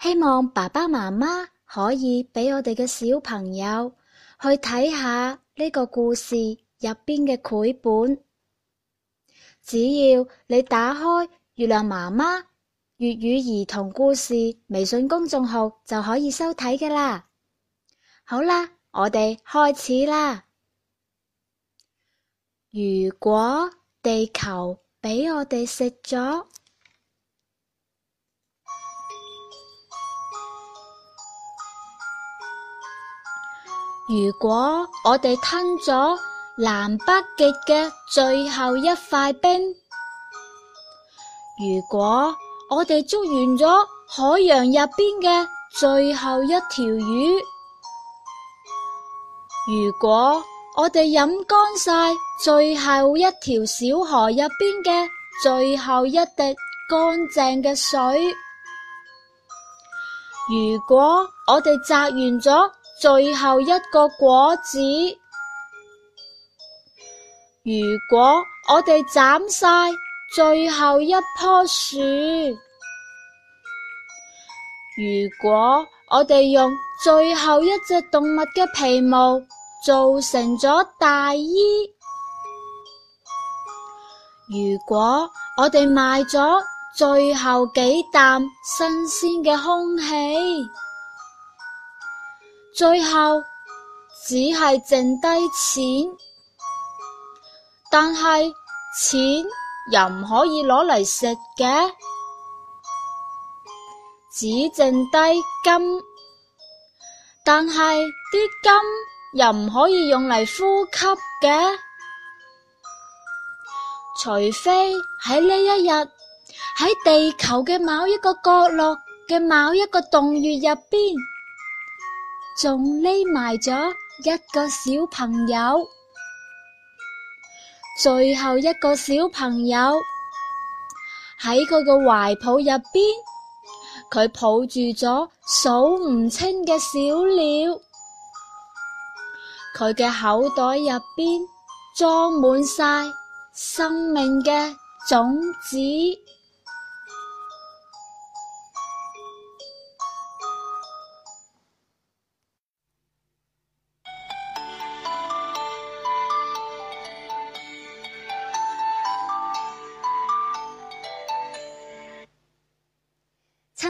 希望爸爸媽媽可以俾我哋嘅小朋友去睇下呢個故事入邊嘅繪本。只要你打開月亮媽媽粵語兒童故事微信公眾號就可以收睇嘅啦。好啦，我哋開始啦。如果地球俾我哋食咗。如果我哋吞咗南北極嘅最後一塊冰，如果我哋捉完咗海洋入邊嘅最後一條魚，如果我哋飲乾晒最後一條小河入邊嘅最後一滴乾淨嘅水，如果我哋摘完咗，最後一個果子，如果我哋斬晒最後一棵樹，如果我哋用最後一隻動物嘅皮毛做成咗大衣，如果我哋買咗最後幾啖新鮮嘅空氣。最後只係剩低錢，但係錢又唔可以攞嚟食嘅，只剩低金，但係啲金又唔可以用嚟呼吸嘅，除非喺呢一日喺地球嘅某一個角落嘅某一個洞穴入邊。仲匿埋咗一個小朋友，最後一個小朋友喺佢嘅懷抱入邊，佢抱住咗數唔清嘅小鳥，佢嘅口袋入邊裝滿晒生命嘅種子。